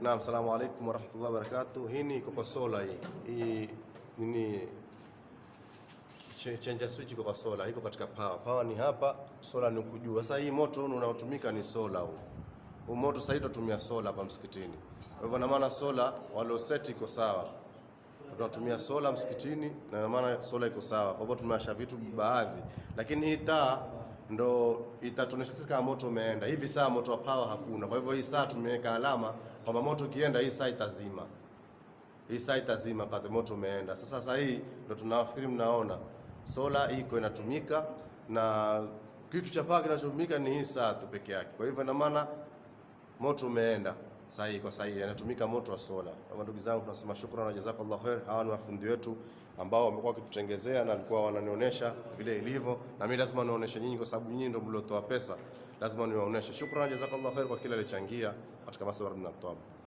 Naam, salamu alaykum wa barakatuh. Hii ni Coca Sola hii. Hii ni change switch kwa Sola iko katika power. Power ni hapa, sola ni kujua. Sasa hii moto unaotumika ni sola huu. Huu moto sasa tunatumia sola hapa msikitini. Kwa hivyo na maana sola walio set iko sawa. Tunatumia sola msikitini na maana sola iko sawa. Kwa hivyo tumewasha vitu baadhi. Lakini hii taa ndo itatuonesha sisi kama moto umeenda. Hivi saa moto wa power hakuna, kwa hivyo hii saa tumeweka alama kwamba moto ukienda hii saa itazima, hii saa itazima pale moto umeenda. Sasa sasa hii ndo tunafikiri, mnaona sola iko inatumika na kitu cha paa kinachotumika ni hii saa tu peke yake, kwa hivyo ina maana moto umeenda sahihi kwa sahihi, yanatumika moto wa sola. Kama ndugu zangu, tunasema shukran na jazakallahu khair. Hawa ni mafundi wetu ambao wamekuwa wakitutengezea na walikuwa wananionyesha vile ilivyo, na mimi lazima niwaonyeshe nyinyi, kwa sababu nyinyi ndio mliotoa pesa, lazima niwaonyeshe. Shukran na jazakallahu khair kwa kila alichangia katika maswala tunatoa.